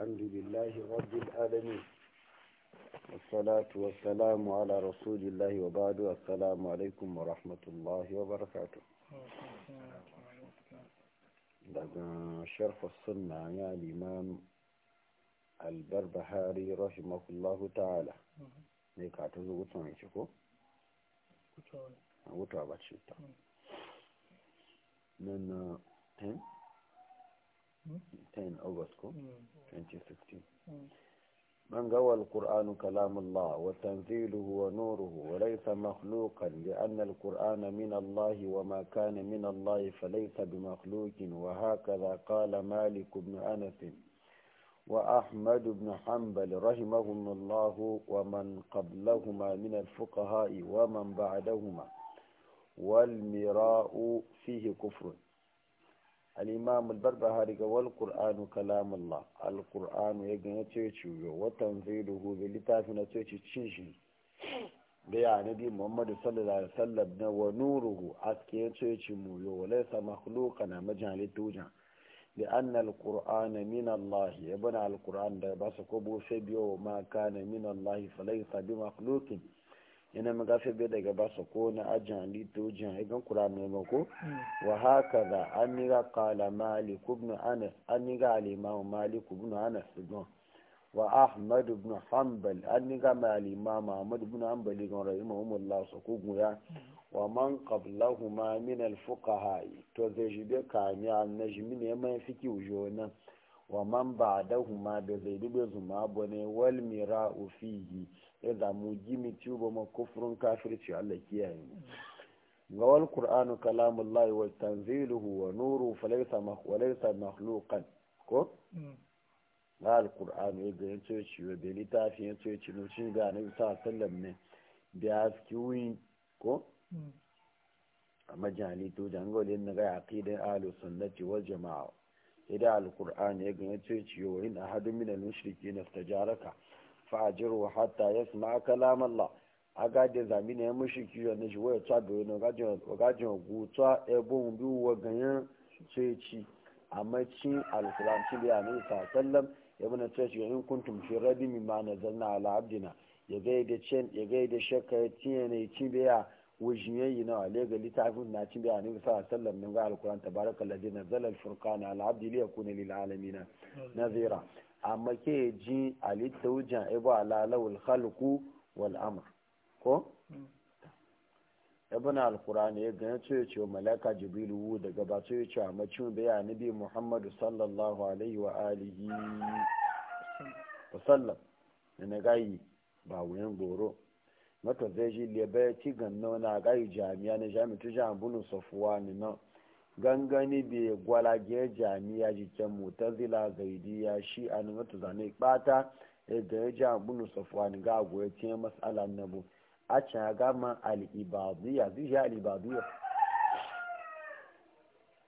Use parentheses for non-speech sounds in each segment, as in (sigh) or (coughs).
الحمد لله رب العالمين والصلاة والسلام على رسول الله وبعد السلام عليكم ورحمة الله وبركاته daga sharh sunna ya limam albarbahari ta'ala 10 august alkur'anu kalamullah wa tanziluhu wa nuruhu wa laysa makhluqan li anna alkur'ana minallahi wa ma kana min allahi fa laysa bi makhluqin wa hakadha qala malik ibn anas wa ahmad ibn hanbal rahimahumullahu wa man qablahuma min alfuqaha wa man ba'dahuma wal mira'u fihi kufrun الإمام البربهاري والقرآن كلام الله القرآن يجنى تيتشو وتنزيله بلتافنا تيتشيشي da ya nabi muhammadu sallallahu alaihi wasallam na wa nuruhu aske ya ce ci mu yo wala sa makhluqa na majali tuja bi anna alqur'ana min allah ya bana alkur'an da ba su ko bo sai biyo ma kana min bi makhluqin yana gafe bai daga ba su ko na ajin halittu jin haigan kura maimako hmm. wa haka da an ga kala maliku ibn anas an ga alimamu maliku ibn anas ibn wa ahmad ibn hanbal an niga malimamu ahmad ibn hanbal ibn rahimahumullah su ko guya hmm. wa man qablahuma min al-fuqaha to zai jibe kamiya na jimin ya mai fiki ujo nan wa man ba'dahuma da zai dube zuma bane wal mira'u fihi ya mu gimi tuba ma kufrun kafirci Allah kiyaye mu ga wal qur'anu kalamullahi wa tanziluhu wa nuru falaysa laysa makhluqan ko mm. al alqur'anu ya ga yace shi wa bi litafi ya shi no shi ga sa sallam ne bi askiwi ko mm. amma jani to jangole ne ga aqidan ahlus sunnati wal jamaa al alqur'an ya ga yace shi wa in ahadun minal mushrikeena istajaraka fa'ajiru hatta yasma kalam Allah aga de zamine ya mushiki yo ne shi waya tsa be no ga jin ga jin gu tsa e bon bi wo ganyan sai ci amma cin alquran ci bi annabi sallam ibn e tashi in kuntum fi rabi mimma nazalna ala abdina ya ga da ya da shakka ya tiye ne ci biya wajiye yi na ale ga litafin na ci biya annabi sallam ne ga alquran tabarakallazi nazala alfurqana ala abdi liyakuna lil alamin nazira amma ke ji halitta wujan ibu alalawul khalqu wal amr ko ibn mm. al-qur'ani ya gane cewa ce malaka wu daga ba cewa cewa macin bai nabi muhammadu sallallahu alaihi wa alihi wasallam na gayi ba wuyan goro mata zai ji lebe ci ganna na gayi jami'a na jami'a tu jami'a bunu safuwa ni gangani bai gwalage jami'a jikin mutazila zaidiya shi a numatu zane bata da ya ji abunu safuwan ga goya ce matsala na bu a can gama al'ibadiyya zai shi al'ibadiyya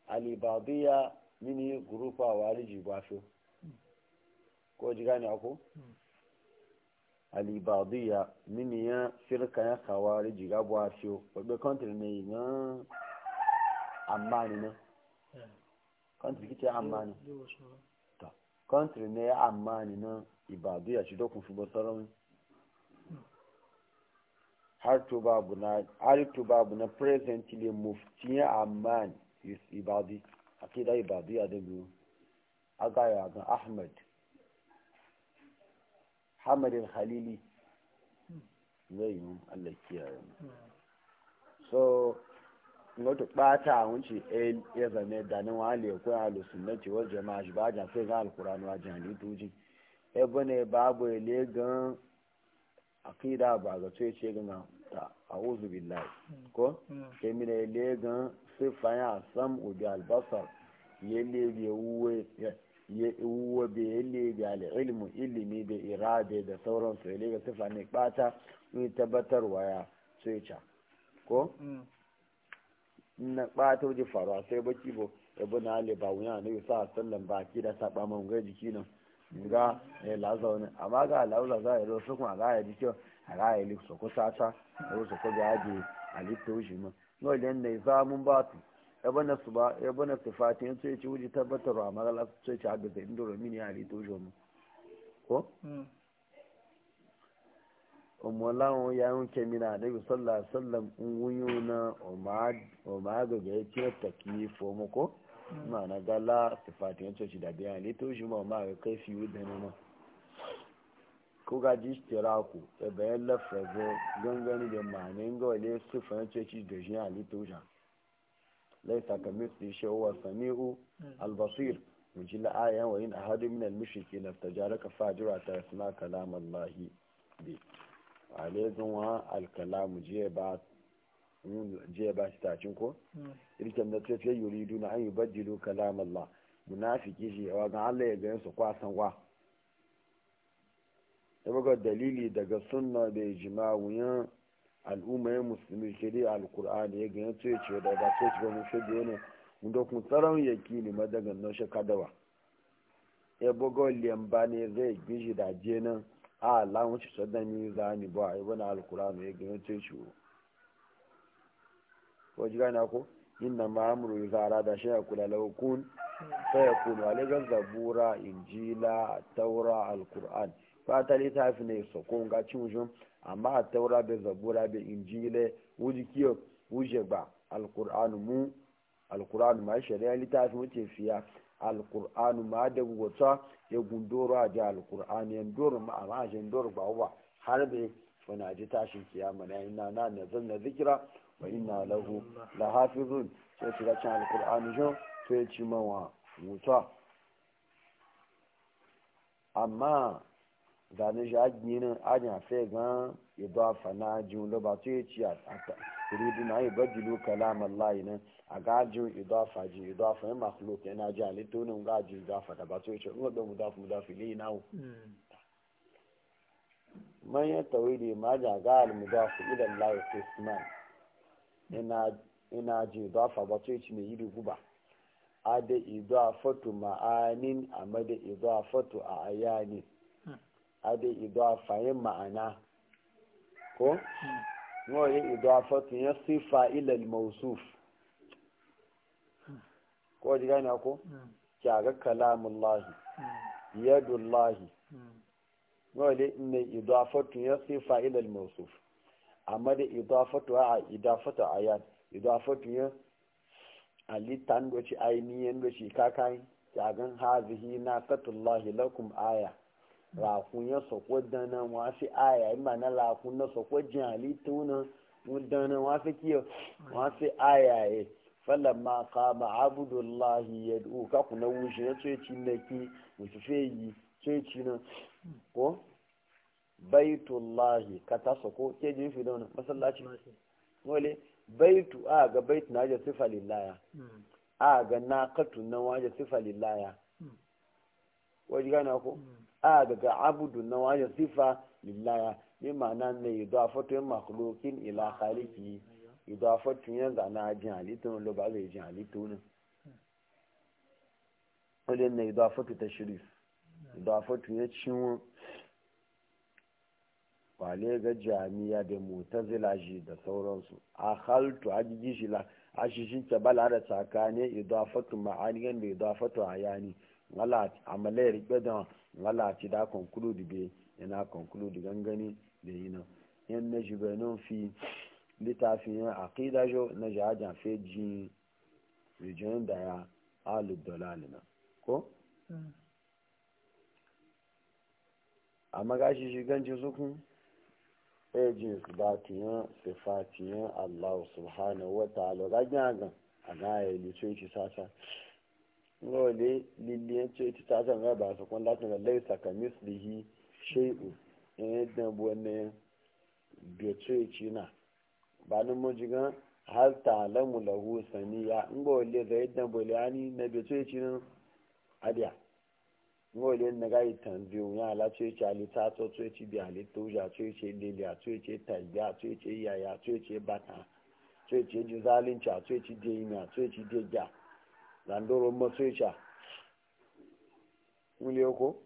al'ibadiyya mini gurufa wa riji gwafi ko ji gani ako al'ibadiyya mini ya firka ya kawo riji gwafi wadda kwantar ne yi na ammani eh. na country kice ammani to na ne ammani na amani ya shido kun shugo sarari har to na to babu na presently is ibadi akida ibadi ya dabi aga ahmad hamad al-khalili zai hmm. Allah hmm. so wato bata a wunci ya zane da nan wani ya koya na cewar jama'a shi ba jan sai ga alkurani wa jihani tuji ya bane babu ya le gan akida ba ga to ya ce gana ta a'udhu billahi hmm. ko sai hmm. mina ya le gan sifaya sam ubi albasar ya le bi ya wuwe bi ya le bi al ilimi da irade da sauransu ya le ga sifa bata ni tabbatarwa ya ce ko hmm. na ɓata waje faruwa sai baki bo ibu na ale ba wuya ne yusa sallan baki da saba man ga jiki nan ga ya eh, laza amma ga lauza za ya rosu kuma ga ya jiki a ga ya lifso ko sata a ko ga aje a lifta wuce ma no ne za mun ba tu ibu na su ba na ya ci wuce ci da indoro mini a lifta wuce mu ko hmm. umulawo ya yanke mina da bi sallallahu alaihi wasallam ungunyu na umaga ga ya kira takif fomoko ko hmm. na gala sifatin yanzu shi da biyan lito shi ma ma ga kai fi wuda ne ko ga ji tira ku e bayan lafazo gangani da ma'anin ga wale sifa yanzu shi da shi a lito shi laisa ka misli shi hmm. wa sami'u albasir mun ji la'ayan wa yin ahadu min mishi ke na tajaraka fajira ta yasma kalam Allah bi alaizun wa alkalamu mm, jiya ba shi tacin ko mm. irkin da ce ce yuri duna an yi bajilu kalam Allah munafiki shi wa ga Allah ya gani su kwasan wa ta buga dalili daga sunna da jima wuyan al'ummar musulmi shiri alkur'ani ya gani ta ce da ba ta ce ba mu shige ne mun da kun tsaron ne madagan nan kadawa ya buga liyan ba ne zai gishi da jenan a Allah wuce sadani zani ba ai wani alkur'ani ya gani ce shi ko ji gani ko inna ma amru idza shi shay'a kula sai ya fayakunu zabura injila taura alkur'an ta littafi ne so ko ga cin amma taura be zabura be injile wuji kiyo wuje ba alkur'an mu alkur'an ma shari'a littafi wuce fiya alkur'anu ma da wata ya gundoro a ji alkur'ani yan doro ma a ma'ajin doro ba wa har bai wani ji tashin kiyama na ina na nazar na zikira wa ina lahu la hafizun sai shiga cin alkur'ani shan to ya ci mawa wuta amma zane shi ajiye nan ajin sai gan ya ba fana jiun da ba to ya ci a ridina ya bajilu kalam Allah nan a gajin idafa ji idafa ya eh, makhluk yana eh, ji halitta wani mun gajin idafa da ba so yace in wadda mudafu mudafu na hu hmm. man ya ma ja ga al mudafu ila Allah qisman ina ina ji idafa ba so yace ne iri guba A idafatu ma'anin amada ma a ayani ada idafa yin hmm. ma'ana ko hmm. ngo ya ya sifa ila al mawsuf ko ji gane ko hmm. kyaga kalamun lahi hmm. yadun lahi wale hmm. ne idafatu ya sifa fa'ilal mausuf amma da idafatu a idafatu a yan idafatu ya alitan doci ainihin doci kakai gan hazihi na lahi lakum aya rakun ya sako dana wasu aya in ba na rakun na sako jin halittu na dana wasu kiyo wasu aya falamma kama abudullahi ya duka kuna wuce na tsoci na ki wuce feyi tsoci na ko baitullahi ka tasa ko ce ji fi da masallaci wale baitu a ga baitu na wajen sifa lillaya a ga na katu na wajen sifa lillaya wajen gana ko a ga ga abudu na wajen sifa lillaya ne ma'ana ne ya zuwa fatoyin makulokin ila khaliki idafatun yanzu na jin halittu wani ba zai jin halittu ne wani na idafatu ta shirif idafatu ya cinwa kwale ga jami'a da mutazila shi da sauransu a haltu a jiji shi la a shishin ke bala da tsakanin idafatu ma'aniyar da idafatu a yani a malayar rikpe da malaci da konkulu da bai yana konkulu da gangani yi yan na shi benin fi littafin aqida jo na jajan feji rijiyar da ya na ko? Mm. amma gashi shiganci sukun ejins batiyan sifatiyan allahu subhanahu wa ta'ala ragin agan a gaya ci sata lole liliyan ci sata ga ba su kun latin lallai sakamis lihi shai'u in e yadda wani ci na ba nan majigan hal ta'lamu lahu saniya in ba wale zai dan bolani na beto yace nan adiya in wale na ga itan biyu ya ala to yace ali ta to to ci bi ali to ja to yace lele a to yace taiya to yace yaya to yace bata to yace jizalin cha to yace deyina to yace deja landoro mo to yace wule ko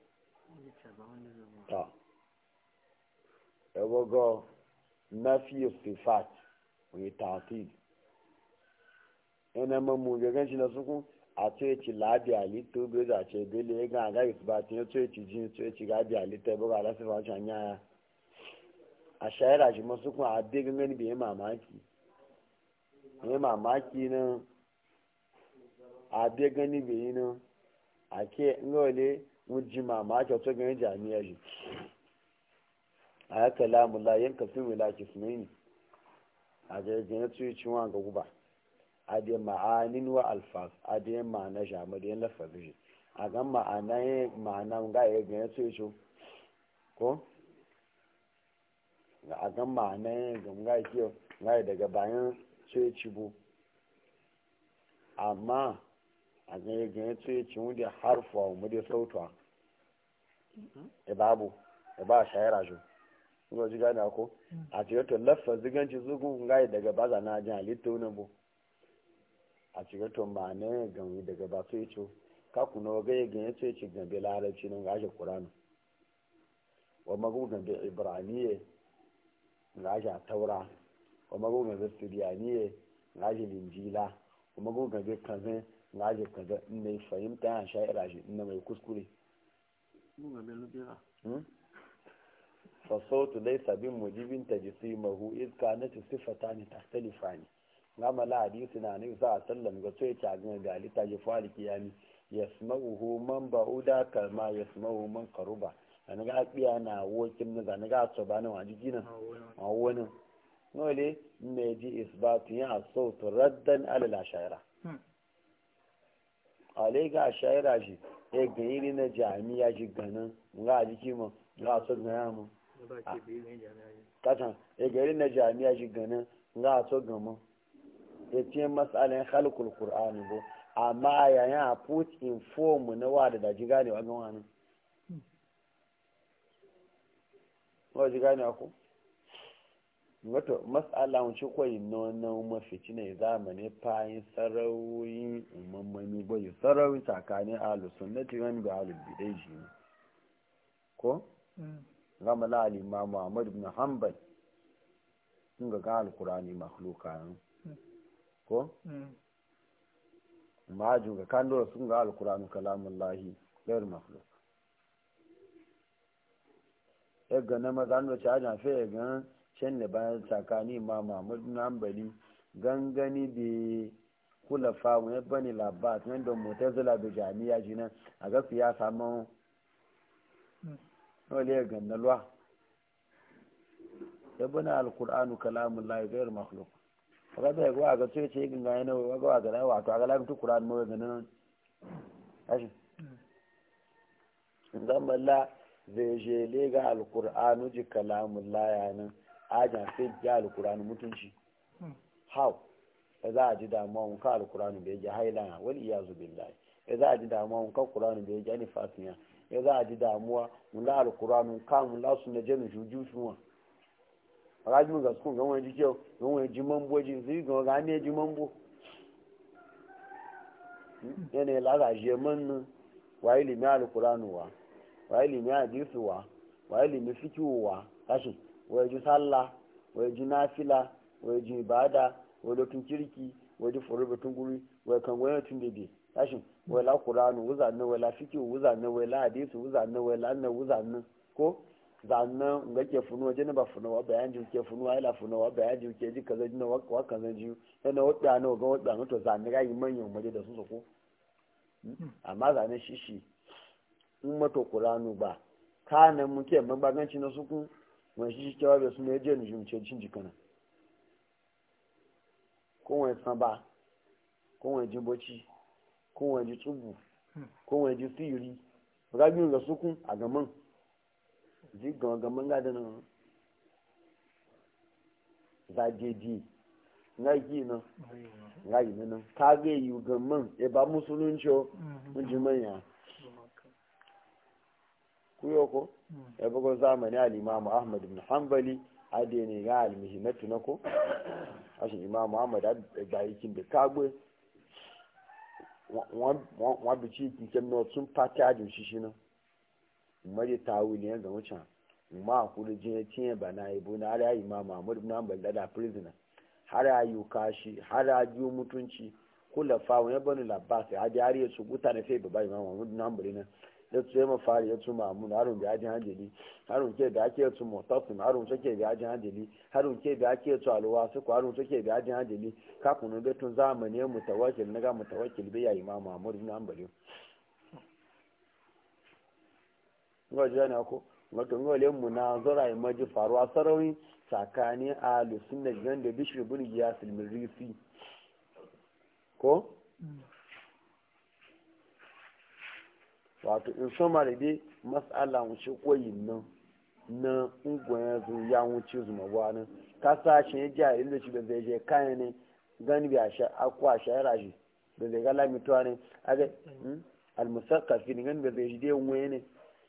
ta ebogo nafi sifat oye taatid ena mo mu gege shi na suku a echi labi alita obi oza ce bele ya gan agaghị tuba tinye tsoyeci jin tsoyeci ga abi alita ebe ga alasi fa anya ya a shayara shi masu kun a bi gangan bi yi mamaki yi mamaki nan a yi nan a ke ngole wujji mamaki a tsogan jami'a ya kalamu la a jirgin tsoye cinwa ga guba a da ma'anin wa alfas a da ma'ana shamu da yin lafazi a gan ma'ana yin ma'ana ga ya ganye tsoye cin ko a gan ma'ana ga gamga kiyo ga daga bayan tsoye bu amma a gan ya ganye tsoye cin wunde harfa wunde sautuwa ya sautuwa ibabu mm-hmm. e ibabu e shayar a shi kuma ji gane ko mm. a cikin to laffa ziganci zugun gai daga baza na ji halitta wani bu a cikin to ma ne gami daga ba su yace ka kuna ga ya ganye su yace gambe larabci nan gashi qur'ani wa magu gambe ibraniye gashi taura wa magu gambe siriyaniye gashi linjila wa magu gambe kazan gashi kazan ne fahimta ya sha'ira shi inda mai kuskure fasautu laisa bin mujibin tajsimahu id kanat sifatani tahtalifani ngama la hadisi na ne za sallam ga to yake azumi ga ali taji fali kiyami yasma'uhu man ba'uda kama yasma'uhu man qaruba an ga biya na wokin na ga ga to bana waji kina a wani nole me ji isbatu ya sautu raddan ala ashaira hmm. ale ga ashaira shi e ga na jami'a shi ganin ga jiki mu ga so kasan ya gari na jami'a shi ganin za a so gama ya ce matsalin halkul qur'ani bu amma yayin a put in form na wa da daji ganewa ga wani wa ji ganewa ku wato matsala wuce kwayi na mafici ne zamani fayin sarauyin umarmami bai sarauyi tsakanin alusunnati wani da alubidai shi ko? gama la alima muhammad ibn hanbal sun ga gan alkurani makhluka yan ko hmm. maju ga kandora sun ga alkurani kalamun lahi gairu makhluk e ga na mazanar cajan fiye gan can da bayan tsakani ma muhammad ibn hanbali gangani da kula famu ya bani labat nan da mutazila da jami'a jinan a fiya samun wale ga nalwa yabana alqur'anu kalamullahi ghayr makhluq kaga ga ga ce ce ga yana ga ga ga wato ga lafi qur'an mu ga nan ashi dan malla zai je le ga alqur'anu ji kalamullahi yana aja sai ga alqur'anu mutunci how e za a ji damuwa ka alqur'anu bai ji haila wal iyazu billahi e za a ji damuwa ka alqur'anu bai ji anifasiya ya za a ji damuwa mula alkuranu ka mula su na jenu juju shuwa rajin ga su ga wani jikin ga wani jiman bojin zai ga wani ne jiman bo yanayi lagaje mannin wa ilimi alkuranu wa wa ilimi hadisi wa wa limi fikihu wa kashi wa ji sallah wa ji nafila wa ji ibada wa lokacin kirki wa ji furubatun guri wa kan wani tun dade. kashin wala qur'anu wuzanna wala fiki wuzanna wala hadisu wuzanna wala anna wuzanna ko zanna ngake funo jini ba funo wa bayan ji ke funo ala funo wa bayan ji ke ji kaza jina wa wa kaza ji yana wadda na ga wadda na to zanna ga yi manyan maje da su su ko hmm. amma zanna shishi in mato qur'anu ba kana muke mabaganci na su ku wani shishi kewa bai su ne je ni jumce jin jikana ko wani san ba ko wani jimboci ko wọn ji tsubu ko wọn ji siri ga ga sukun a gaman ji gama nga na nga yi na ka yi gaman e musulunci o mun ji kuyoko ya bugo zamani al hanbali ade ne al-mihnatu nako (coughs) ashin imam ahmad da yakin kagbe wọn bi ci kikin na sun fati ajin shi shi nan mari tawu ne ga wucin ma a kuri jiya tiye ba na ibu na har yayi ma mamur na balla da prisoner har yayi kashi har yayi mutunci kula fa wani bani labbas hadi har yayi su guta na sai baba imam mamur na balla ya ya mafari ya tsu mamun harun da ajin hajjali harun ke da ake tsu motasun harun ke da ajin hajjali harun ke da ake tsu alwa su ku harun ke da ajin hajjali kafin na tun zamani mutawakil na ga mutawakil bai ya imamu amur ibn hanbali ga wato ngole mu na zura ya maji faruwa sarauni tsakanin ahlus sunna da bishir bin giyas al-mirisi ko mm. wato in summary dai mas'ala wuce koyin nan na ungon ya zo ya wuce zuma ba nan ka sashen ya jiya inda shi da zai je kayan ne gani bi a kuwa shahara shi da zai gala mituwa ne a ga hmm, almusakka fi gani da zai shi dai wani ne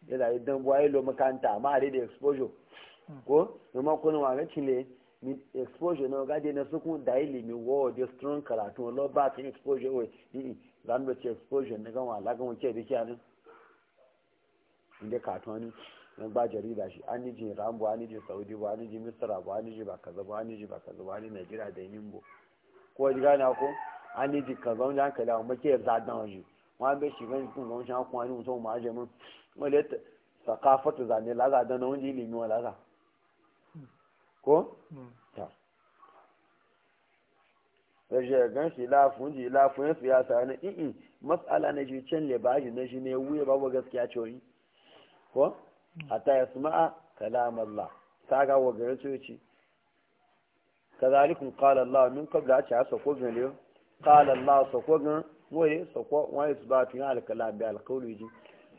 ya zai dan buwa ilo makanta amma a da exposure ko kuma kuna wa ga cile ni exposure na gaje na suku da ilimi wo de strong karatu lo ba ta exposure we ni zan da ce exposure ne ga wa la ga mu ce bi kyanin inda katoni na ba jarida shi an nijin iran an nijin saudi ba an nijin misra ba an nijin ba kaza ba an nijin ba kaza ba an nijin nigeria da yanin bu ko ji gane ko an nijin zaune an hankali a mace ya zaɗa wani ma bai shiga cikin zaune shan kuma ni mutum ma aje min wani yadda sakafatu zane laza dan na wani ilimi wa laza ko hmm. ta a gan shi lafun ji lafun siyasa na i'in matsala na shi can lebaji na shi ne wuya babu gaskiya cewa ko hatta yasma'a kalam Allah saga wa gare su yace kazalikum qala Allah min qabla a ci hasa ko gane qala Allah sa ko gan waye sa ko waye su ba tun al kalam bi al qawli ji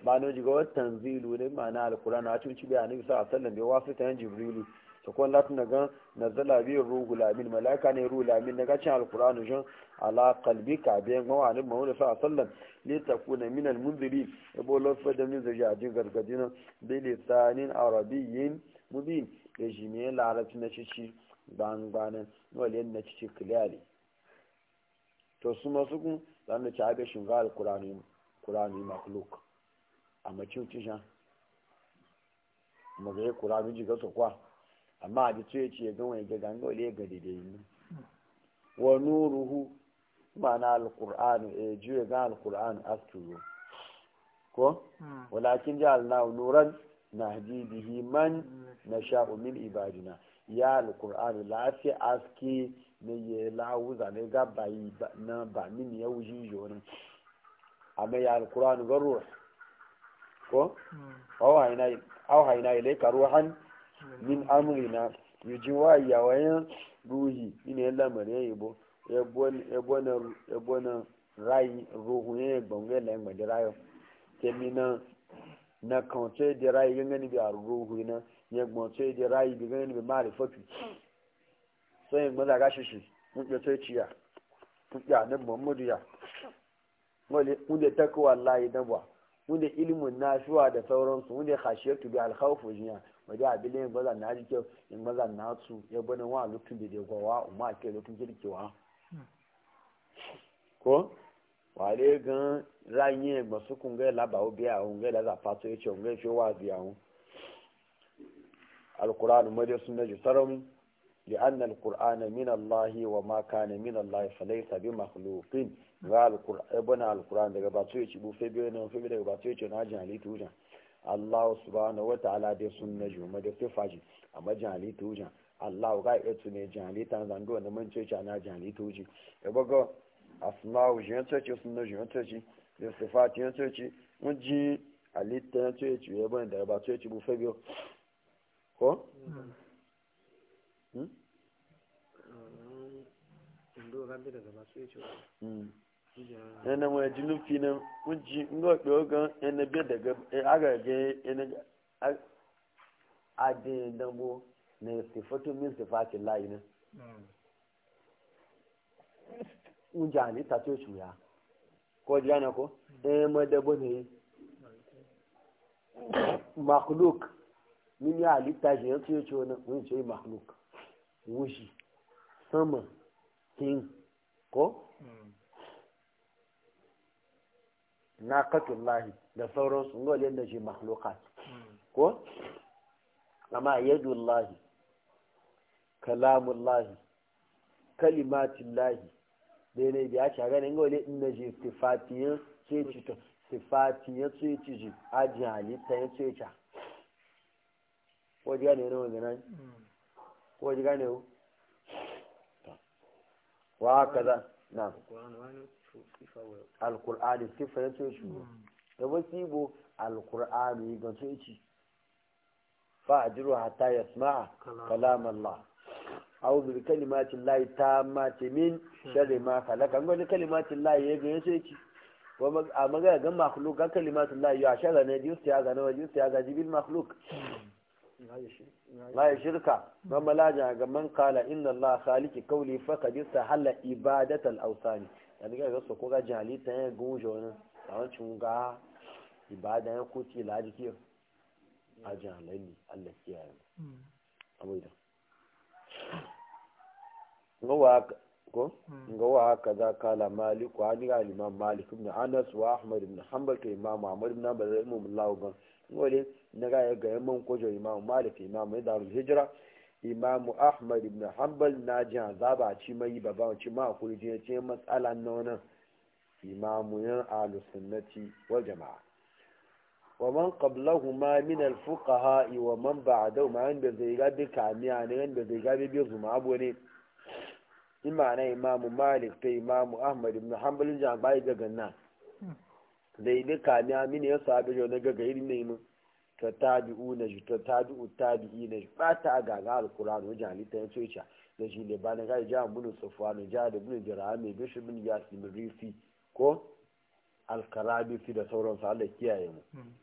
ba no ji ga tanzilu ne ma'ana al qur'an a tun ci bi annabi sallallahu alaihi wasallam bi wasita jibrilu to ko Allah tun ga nazala bi ruhu lamin malaika ne ruhu lamin daga cikin alqur'ani jin ala ka bi mawani mawla sa sallam li takuna min almunziri ibo lofa da min zaja jin gargadin bi lisanin arabiyyin mubin da la larabci na cici gbangbanin wale na cici kiliyari to su masu kun zanen ci aga shiga alkurani makluk a macin tishan magaye kurani jiga su kwa amma a ji ce ce ga wani ga gango ne ga daidai ne wa nuruhu ma'ana alqur'anu eh juye ga alqur'anu asturu ko hmm. walakin na nuran nahdi bihi man nasha'u min ibadina ya alqur'anu la fi aski ne ye lawuza ne ga bayi na ba min ya wuji jorin amma ya alqur'anu ga ruh ko hmm. aw hayna aw hayna ilayka ruhan min amrina yuji wa yawayan ruhi ina yan lamar yabo yibo ebona rai ruhu ya gbanwe la yangba rayo kemi na na kan tse di rai gangan bi a ruhu na ya gbọn tse di rai bi gangan bi mari fotu so yin gbọn ga shishi mun kpe tse ciya mun kpe anabi muhammadu ya wale mun da takowa layi dabwa mun da ilimin nasuwa da sauransu mun da khashiyatu bi alkhawfu jiya ma da abin yin bazan na jike in bazan na su ya bane wa lokacin da gwawa umma ke lokacin girkewa ko wale gan ranye ba su kun ga laba obi a hun ga laza fato yace ce, ga shi wa biya hun alquran ma da sunna ji saram li anna alquran min allah wa ma kana min allah fa laysa bi makhluqin ga alquran ibn e daga ba su yace bu fe biyo na fe daga ba su yace na jani tujan Allah subhanahu wataala dai sun na juma da sifa ji amma jali ta Allah ga ya tune jali ta zan na mun na jali ta ya bago asma'u jin cece sun na juma cece da sifati jin cece mun ji alitta cece ya ban da ba bu ko hmm, hmm. ndo ga ene mo ji lu fina unji ngo pe ogan ene be daga e aga ge ene ade dambo ne sifatu min sifati lahi ne unja hmm. ali ta to chu ya ko ji ana ko e mo dabo ne makhluk min ya ali ta je to chu na un ce makhluk wushi sama kin ko hmm. naqatullahi da sauransu ngol yadda shi makhluqat hmm. ko amma yadullahi kalamullahi kalimatullahi dai ne biya ci ganin ngol inda shi sifatiyin ce ci to sifatiyin ce ci ji aji halitta ya ce ta ko ji gane ne wanda nan ko ji gane wa kaza na alkur'ani sifa ya ce shi da wasu ibo alkur'ani ga ce ci fa ajiru hatta yasma'a kalam Allah a'udhu bi kalimati llahi tammati min sharri ma khalaqa ngoni kalimati llahi ya ga yace ki wa a magana ga makhluk ga kalimati llahi ya shara ne yusti ya ga ne yusti ya ga jibil makhluk hmm. la ya shirka ban malaja ga man kala inna Allah fa kauli faqad istahalla ibadatal awsani yani ga so ko ga jali ta gojo gunjo ne sawan chunga ibada ya ti laji jiki a jalali Allah kiyaye abu da gowa ko gowa kaza kala maliku ani ga imam malik ibn anas wa ahmad ibn hanbal ke imam ahmad ibn hanbal rahimahullah wale na gaya ga yamman kwajo imamu malafi imamu ya darul hijira imamu ahmad ibn hanbal na ji azaba ci mai baba ci ma kuri je ce matsala na wani imamu yan ahlus wa jamaa wa man ma min al fuqaha wa man ba'dahu ma inda zai ga bi kamiya ne inda zai ga bi zuma abu ne imana imamu malik ta imamu ahmad ibn hanbal ji azaba ga ganna zai ka kami amini ya sabi yau na gaga irin ne mun ta tabi'u na shi ta tabi'u tabi'i na shi ba ta gaga alkuran wajen halitta ya tsoca da shi ne ba na gaji jihar bunu tsofano jihar da bunu jira mai bishi bin yasimin rifi ko alkarabi fi da sauransu allah kiyaye mu hmm.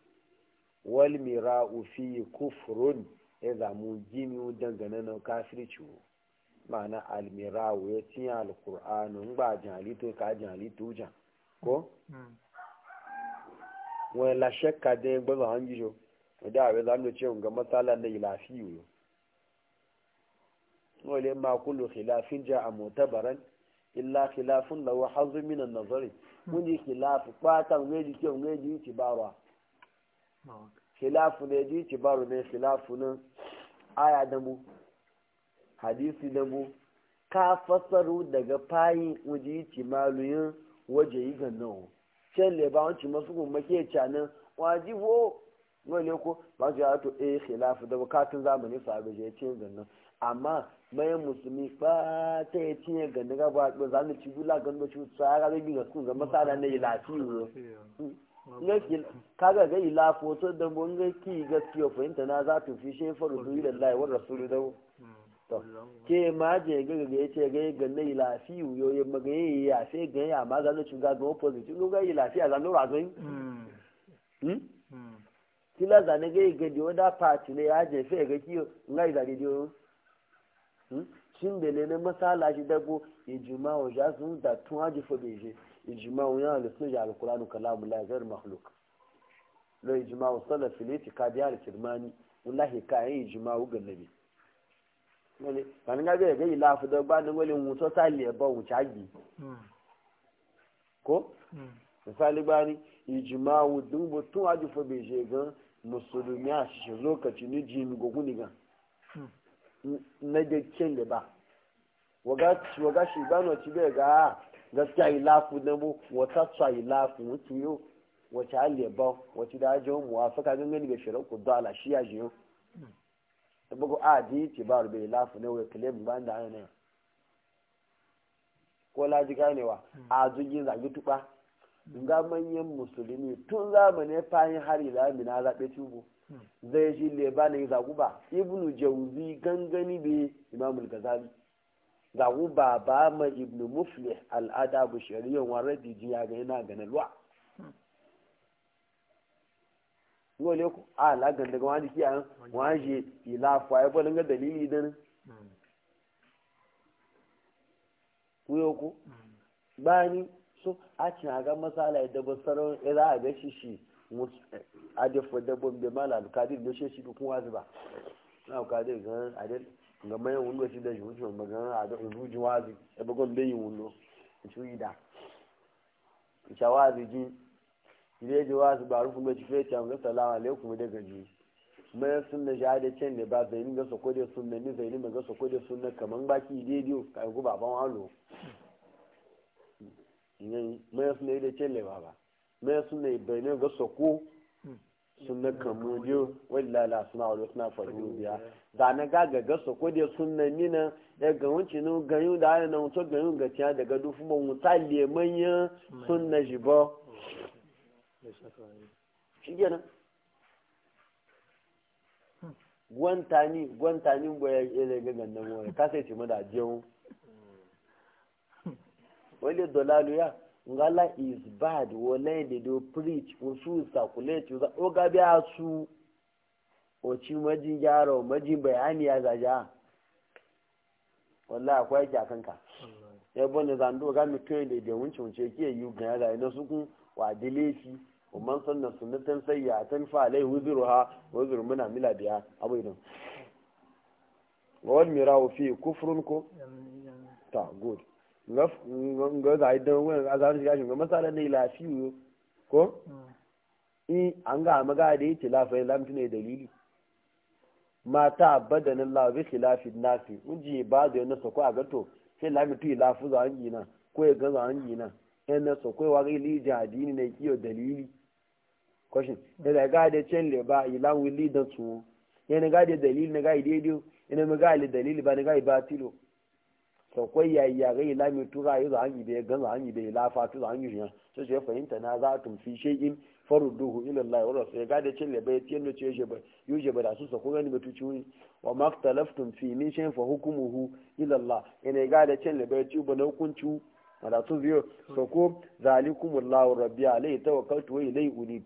wal mira'u fi kufrun ya zamu u dangane na kafirci ma'ana almirawo ya tiya alkur'anu ba jihar halitta ka jihar halitta ko hmm. wani la shakka da ya gbaza hangi jo da a za mu ce ga matsala na ilafi yiwu wale ma kullu khilafin ja a mutabaran illa khilafun la wa hazu minan nazari mun yi khilafu kwatan meji ke meji yi tibarwa khilafu ne ji tibaru ne khilafu nan aya da mu hadisi da mu ka fasaru daga fayin waje yi timaluyin waje yi gannawa shelle ba wancin masu kuma ke canin wajibo wani ko ba su yato eh khilafu da bukatun zamani sabi je ce gannan amma mayan musulmi ba ta yi cinye gani ga ba ba zanu ci dula gannan ci ya da gina gaskun ga masala na ilafi ne kaga ga ilafo to da mun ki gaskiya fahimta na za ta fi shefaru da lillahi wa rasulu da ke ma je gaga ga yace ga ga ne lafi yo ye ma ga ye ya se ga ya ma ga no chuga ga opposite no ga ye lafi ya ga no ra zin hm hmm? hmm. kila za ne ga ga di oda party ne ya je fe ga kiyo ngai za di do hm shin de ne masala shi dago ijma o ja sun da tun aji fo beje ijma o ya le sun ja alquran kalamu la ghair makhluq lo ijma o salaf fi liti kadiya al-kirmani wallahi ka yin ijma o ga nabi wani kaninga bai ga ila fi dogba ni wani wuto ta leba wuce agi hmm. ko hmm. misali gbani ijima wudin butun aji fo bai je gan musulmi a shishin lokaci ni ji mi gogun gan hmm. na da kyan ba waga shi gano ci bai ga gaskiya ila fi dabo wata tsa ila fi wuce yau wace aliyar ba wace da ajiyar muwafaka gangan ga shirin shi ya ta bugu a ah, ji ce ba rube lafi ne wai kilem ba da ana ko laji ganewa hmm. a zugin zagi tuba ga manyan musulmi tun zamanin fayin hari lami na zaɓe tubu hmm. zai shi leba na yi zaguba ibnu jauzi gangani be imamul gazali zaguba ba ma ibnu muflih al'ada bu shari'a wa radijin ya ga yana ganin luwa wale ku a lagan daga wani kiya waje ila fa ya bolin ga dalili dan kuyo ku bani so a ci ga masala da basaro ila a gashi shi a da fa da bombe mala alkadir da shi shi kun wazi ba na alkadir ga adal ga mai wundo shi da shi wuce magana a da ruji wazi e bugon bayin wundo shi da shawazi ji ile ji wa su baru kuma ci fece an ga salamu alaikum da gaji mai sunna jihadi can ne ba zaini ga soko da sunna ni zaini mai ga soko da sunna kaman baki daidai ka yi guba ban halo mai sunna da can ba ba mai sunna bayanin ga kamu biyu la suna wa suna faru biya da na gaga ga soko da sunna ni na ya ga wanci nu ganyu da ana na wuto ganyu ga tiya daga dufu ba wuta manyan sunna jibo shige kenan gwantani gwantani boye ele gangan nan wani ka sai ci mada jewu wale dolalu ya ngala is bad wale de do preach ko su za o gabi a su o ci maji gyaro maji bayani ya zaja wallahi akwai ka ya bonne zando ga mi kai da de wuncin ce ke yu ga ya na su ku wa dilefi ومن سن سنة سيئة فعليه وزرها وزر من عمل بها أبو إذن والمراء فيه كفركم تا قول ngaf nga da idan wani azan shi ga masala ne lafiyu ko in an ga maga da yake lafiya lamtu ne dalili mata badan Allah bi khilafin nafi unji ba da yana sako a gato sai lamitu lafu za an yi na ko ya ga za na yana sako wa kiyo dalili question yana ga da cin le ba ila wili da su yana ga da dalil na ga daidai yana ma ga da dalil ba na ga ba tilo to koi ya ya ga ila mi tura yi zan yi be ga zan yi be ila fa tu zan yi ya so je fahimta na za tum fi shay'in farudduhu ila Allah wa rasul ga da cin le ba tiyan da ce je ba yuje ba da su so ko gani ba tuci wuri wa maktalaftum fi min shay'in fa hukmuhu ila Allah yana ga da cin le bai ci ba na hukunci wadatu biyo so ko zalikumullahu rabbi alayhi tawakkaltu wa ilayhi unib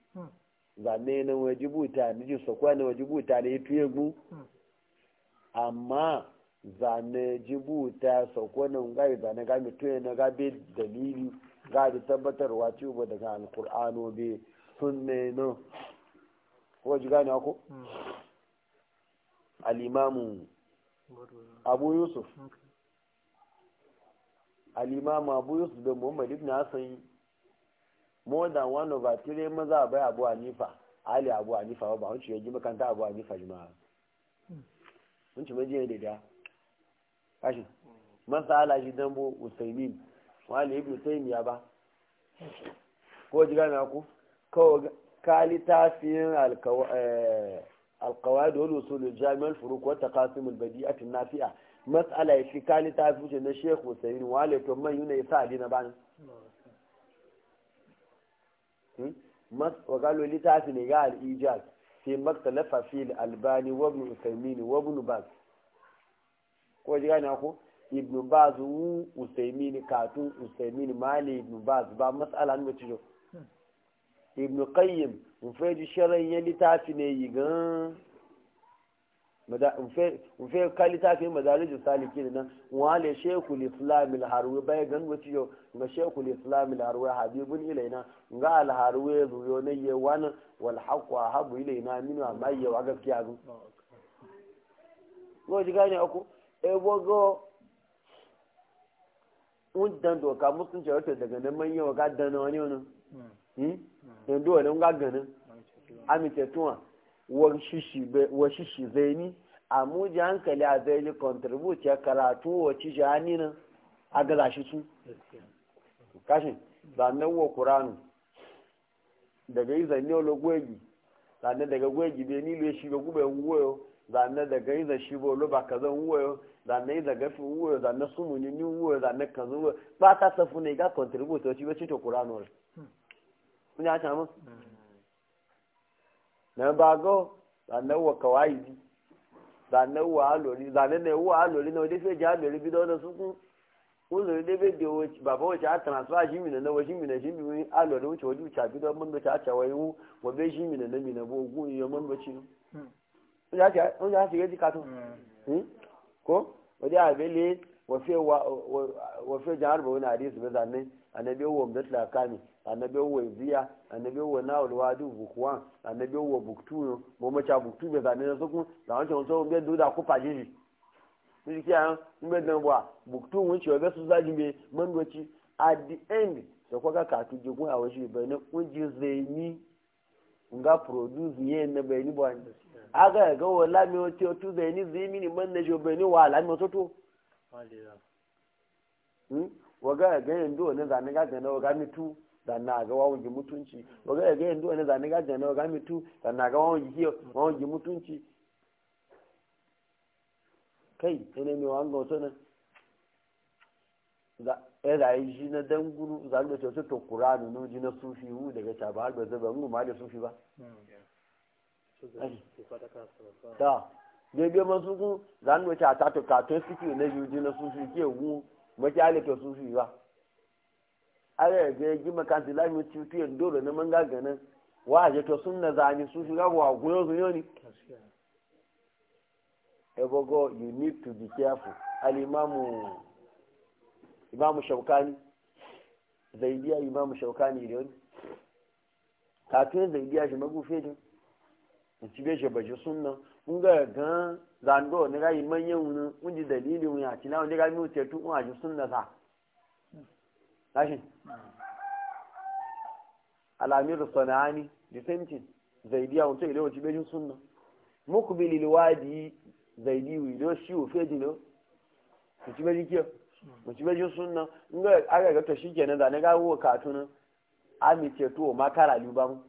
zane na waje buta ni ji sokwa na waje buta ne tuye gu hmm. amma zane ji buta sokwa na ngai zane ga mi tuye na ga dalili ga da tabbatarwa ci daga alqur'ano bi sunne no ko ji gane ko hmm. al-imam abu yusuf al-imam abu yusuf da muhammad ibn hasan more than one over three maza bai abu nifa ali abu hanifa ba wancu ya ji makanta abu hanifa jima'a wancu mai jiya daidai kashin ala shi dambo usaimin wani ibi usaimiya ba ko ji gane ku kali tasirin alkawai eh, da wani usulun jami'ar furuku wata kasimin badi'atin nafi'a matsala ya fi kali tafi na shekhu usaimin wale to man na ya sa adina bani وقالوا لي تعرفين قال إيجاز في مختلف في الألباني وابن عثيمين وابن باز كويس يعني أخو ابن باز وعثيمين كاتون عثيمين مالي ابن باز با مسألة عن وتجو ابن قيم وفيد الشرعية لتعرفين يقان mfe kali ta fi mazalijin saliki nan wale shekul islam alharwe bai gan wace yau ga shekul islam alharwe habibun ilaina ga alharwe zuyo na yi wani walhaku a habu ilaina minu amma yi wa gaskiya zu ko ji gane aku ebo go un dan doka musun ce daga nan manyan wa gadan na wani wani hmm. Hmm? yanzu wani ga ganin hmm. amince tuwa wa shishi zai ni a muji hankali a daily contribute ya karatu wace jihani nan a gaza shi su kashin zanen wa kuranu daga yi zanne wala gwegi zanen daga gwegi bai nilo ya shiga gube wuwayo zanen daga yi shi ba wala ba kazan wuwayo zanen yi zaga fi wuwayo zanen sumuni ni wuwayo zanen kazan wuwayo ba ka safu ne ga contribute wace wace to kuranu wala. Kun ya mu hmm. Na go zanen wa kawai zane wa alori zane ne wa alori na odefe ja alori bi da na sukun wuzuri de be de wo baba wo caa transfer shi mina na wo shi mina shi mina alori wo caa caa bi dɔwɔ mɔndo caa caa yi wo wa be shi mina na mina bo ogun yi yɔ mɔndo tsi no o ja caa o ja sigi eti kato ko o de abe le wofe wa wofe jan arba wani adi sube zane anabi wo mbe tila kami annabi wa ziya annabi wa nawul wadu bukwan annabi wa buktu mo mo cha buktu be zane na sokun da wancan so be duda ku fajiri ni ki an mbe dan bwa buktu mun ci be su zaji be man doci at the end da ko ka ka tu jigun a shi be ne ku ji zeni nga produce ye ne be ni bwa aga hmm? ga wala mi o ti o tu zeni zemi ni man na jo be ni wala mi o to to waga ga yendo ne zane ga ga na ga mi tu zanna ga mutunci ba ga yanzu wani zanni gajiya na ga mitu zanna ga wawon ji mutunci kai ina mai wanga nan ya ji na dan guru zan da cewa to qur'ani ji na sufi daga ta ba ba zaba ma da sufi ba ta ne biyo masu ku zan da na ji na sufi ke wu mu aya ga ji makanti lami tutu yan dole na manga ganin wa je to sunna ni su shiga wa goyo goyo ni ebogo you need to be careful al imamu imamu shaukani zaidiya imamu shaukani ne wani kafin zaidiya shi magufe din ci be shi baje sunna mun ga gan zando ne ga yi manyan wuni mun ji dalilin wuni a cikin wani ga mu ce tu mun a ji sunna sa Rashin. Alamiru sana'ani, dissenting, zaidiya wato ilé wacce bejin sunna. Muku bi liliwadi zaidi wido shi wo feji lo. wace bejin kiyo. Mutu bejin sunna. Nga aga ga to shikenan da na ga wo katun. Ami ce to ma ba mu.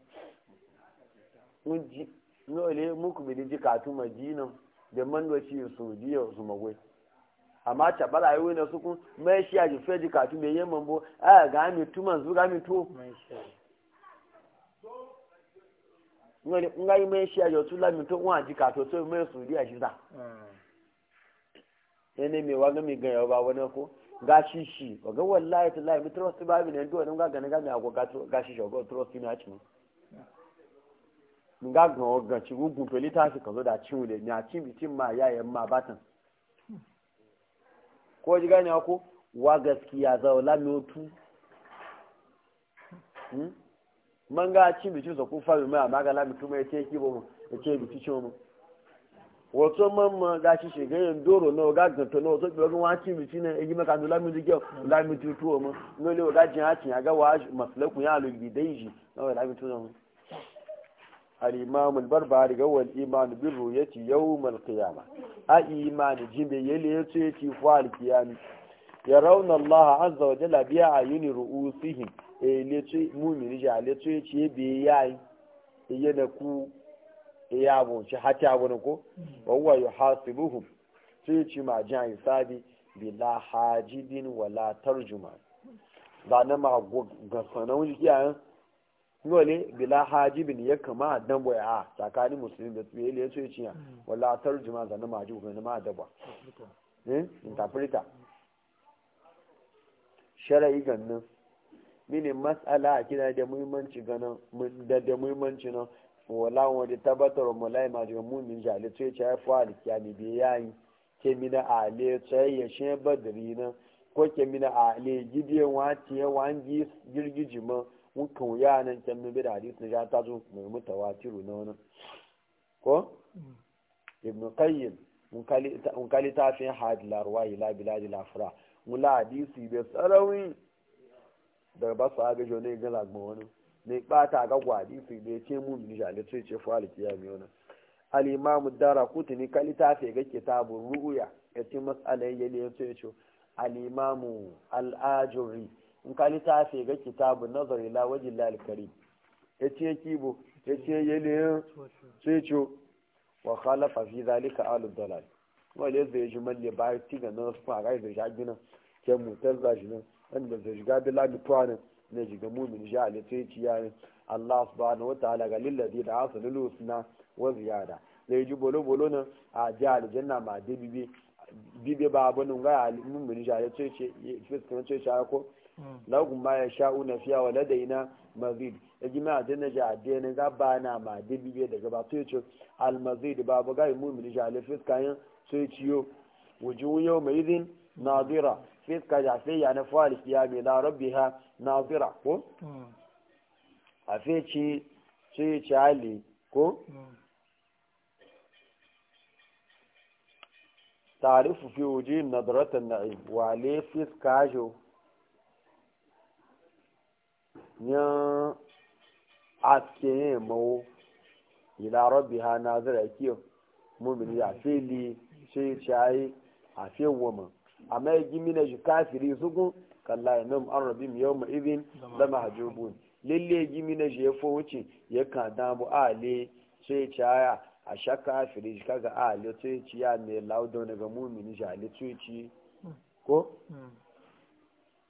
Mun ji no le muku bi ji katun majinan da man wacce su diyo su magwai. amma ta bala yi wani su kun mai shi a jufe ji kafin mai yi mambo a ga mi tu manzu ga mi tu ngani yi mai shi a jotu la mi tu wọn ji kafin so mai su di a shi sa ne mai wa ga mi ganya ba wani ko ga shi shi wa ga wallahi ta lai mi trust ba mi ne duwa nga gani ga mi a ga shi shi ga trust mi a ci nga gan ogan ci gugun pelita shi kazo da ciwo da ni a ci bitin ma yayan ma batan ko ji gane ko wa gaskiya zaula mutu hmm? man ga ci bici su ku fami mai amma ga lamitu mai ce ki bomo da ce bici ci mu wato man ma ga ci shiga yin doro na ga ganto na wato biyo wa ci bici ne yi maka no lamitu ke lamitu tuwo mu ngole ga jin hacin ga wa maslaku ya lugi daiji na lamitu na mu al’imamu barbari ga wani imanu bin ruye ci yau malkiyama a imanu ji mai yale ya ce ci fuhar kiyami ya raunar Allah an zawa jala biya a yini ru'u sihin a yale ce mumini ji a yale ce ci ya biya a yana ku a yabo ci hati abu ko wawwa ya hasi ruhu ce ci ma ji a isabi bi la hajidin wala tarjuma ba na ma gasanau jiki a yansu dole bila hajibin ya kama dan boya a tsakanin musulmi da tsaye ya ce ciya hmm. wala tarjuma da na maji ko na ma dabba eh hmm? interpreta sharai gannin mini mas'ala kina da muhimmanci ganin da da muhimmanci na wala wani tabbatar mulai maji min jali ce ce ya fa alkiyami bi yayi ke mina ale sai ya she badrina ko ke mina ale gidiyan wati ya wangi girgijima muka wuya nan can mun bi da hadisi na ta zo mai mutawatiru na wani ko ibn qayyim mun kali ta fi hadi larwa ila biladi lafra la hadisi be sarawi da ba su aga jone ga lagma wani ne bata ga gwa hadisi be ce mu bi jale sai ce fa ya mi wani al imam ni kali ta fi ga kitabur ru'ya yace masalai yale sai ce al imam al ajuri in ka littafi ga kitabun nazari la wajin lalkari ya ce kibo ya ce yanayin ceco wa khalafa fi zalika alud dalal wani yadda ya ji malle ba ti ga nan su fara da shagi nan ke mutar zashi nan an da zai shiga da mutuwa nan na shiga mumin shi a littafi ya yi allah subhanahu wa ta'ala ga lillazi da hasu lulusuna wa ziyada zai ji bolo-bolo nan a ji aljanna ma dabibi bibe ba abu nan ga mumin shi a ce ya ko lahum ma yasha'una fiha wa ladaina mazid ejima da na ja de ne ga bana ma dibi bibe daga ba to yace al mazid ba ba ga mu mun ja le fiska yin so yace yo wujuhu yawma idhin nadira fiska ja sai ya na fa'al qiyami la rabbiha nadira ko a feci sai ci ali ko تعرف في وجه نظرة النعيم وعليه في jo. yan aske yin mawo la rabbi ha na zira kiyo mumini a fili sai shayi a fe woma amma ya gimi na shi kafiri an rabbi yau ma izin zama hajjobun lalle ya gimi na shi ya fo ya kan damu ale sai shaya a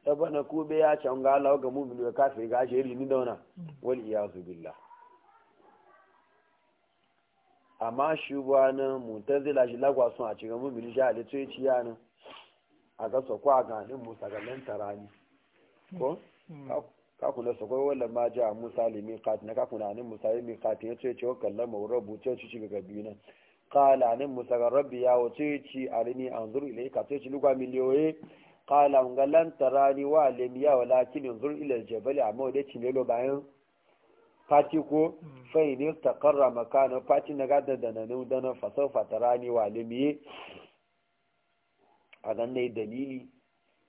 sabana ko be ya can ga Allah ga mu'min ya kafiri ga shiri ni dauna mm. wal iyazu billah amma shubana mutazila shi lagwa sun a cikin shi a da tsoye ciya nan a ga sako a ganin musa ga nan tarani mm. ko mm. ka kuna sako wala ma a musa limi qat na ka kuna nan musa limi qat ya tsoye ciwa ma rabbu ce ci ga gabi nan qala nan musa ga rabbi ya wace ci zuru anzuru ilayka tsoye ci lugwa miliyoyi e. qala nga lan tarani wa lam ya walakin yanzur ila al-jabal amma da ci melo bayan fati ko mm. fa in taqarra makana fati na gadda da nan da na fa sawfa tarani wa lam yi a dan ne dalili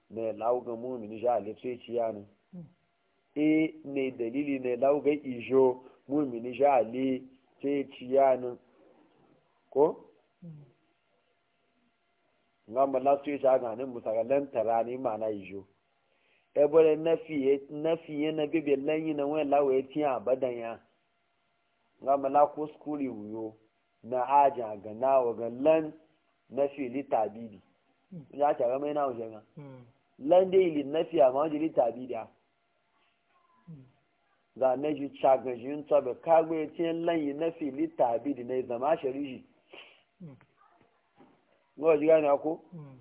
ne lauga mu'min ja le sai ci yana mm. e ne dalili ne lauga ijo mu'min ja le sai ci yana ko nga mala tu yi ga ne musa lan tara ni ma na yijo ebore nafiye nafiye na bibe hmm. hmm. hmm. len yi na wani lawaye tiya abadan ya nga mala ko skuli wuyo na aja ga na nawa ga len nafi li tabidi ya ta ga mai na wuce ga len de li nafi amma wani li tabidi za na ji chagajin tobe kagwe tiyan len yi nafi li tabidi na zama shari'i wọ́n ti gane ako mm.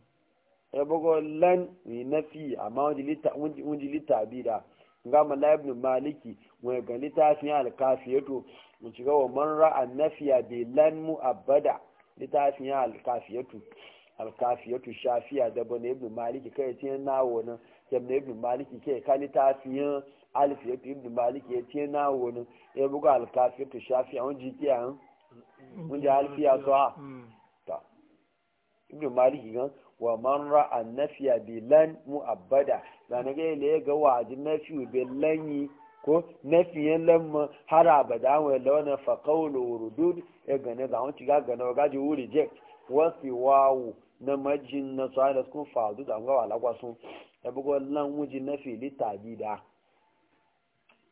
ya bugo lan ne na fi amma wani lita bi da ga mala ibn maliki wani ga littafin alkafiyato mu ci ga wa man ra'a nafiya bi lan mu abada littafin alkafiyato alkafiyatu shafiya da bane ibn maliki kai ce nawo na nan yamma ibn maliki kai ka littafin alfiyatu ibn maliki ya ce nawo nan ya bugo alkafiyatu shafiya wani jikiya mm. wani alfiya mm. so ibn maliki gan wa man ra an nafiya bi lan mu'abbada zane ga ile ga wajin nafi bi lan yi ko nafi yan lan mu har abada wa la wana fa qawlu rudud e ga ne ga wanci ga ga gane ga ji wu reject wa si siwawu na majin na sa'ala fa du da ga wala kwasu bu ko lan ji nafi li tabida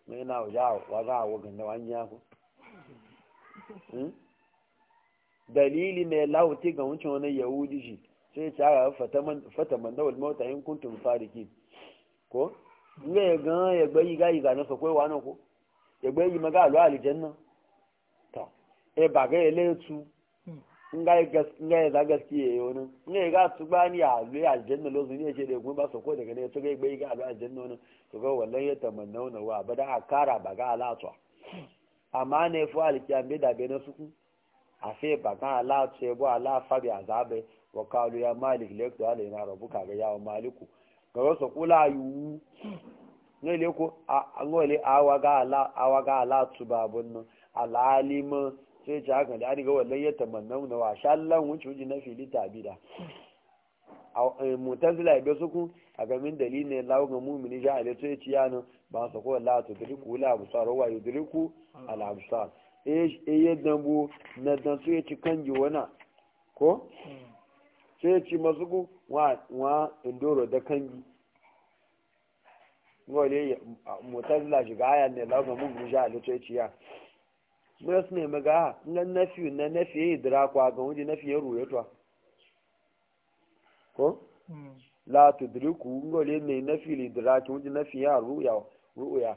me na wa ga wa ga wa gane wa nya ko dalili mai lauti ga wucin wani yahudi shi sai ce aka fata manda wal mota in kuntum sadiki ko nga ya ga ya gbayi ga yi ga na sakwai wani ko ya gbayi maga alwa aljanna ta e ba ga ele tu nga ya za gaskiya ya yi wani nga ya ga su ba ni alwa aljanna lozu ne ce da ya kuma ba sakwai daga ne su ga ya gbayi ga alwa aljanna wani su ga wallan ya tamanna wani wa ba da a kara ba ga alatuwa amma ne fi alkiyar bai dabe na suku afe bakan ala tsebo ala fabi azabe wa kalu ya malik lekto ala ina rabu kaga yawo maliku ga wasu kula yiwu ne le ko a awa ga ala awaga ala tuba bunno alalima sai ci haka da adiga wallan ya tamannan na wa shallan wuce wuce na fili tabida e, mutazila ibe suku a gamin dalilin ne lawo ga mumini ja ale to ya ci yana ba su kowa la to diriku la busar wa yudriku ala absar E, e ya dambu na dan su ya ci kanji wana ko sai ya ci masu ku wa indoro da kanji wale motar la shiga aya ne lauga mun guja a lito ya ci ya mura su ne maga na nafi na nafi ya yi kwa ga wuje nafi ya ruwa tuwa ko hmm. la tudriku ngole ne nafi lidira ki wuje nafi ya ruya ya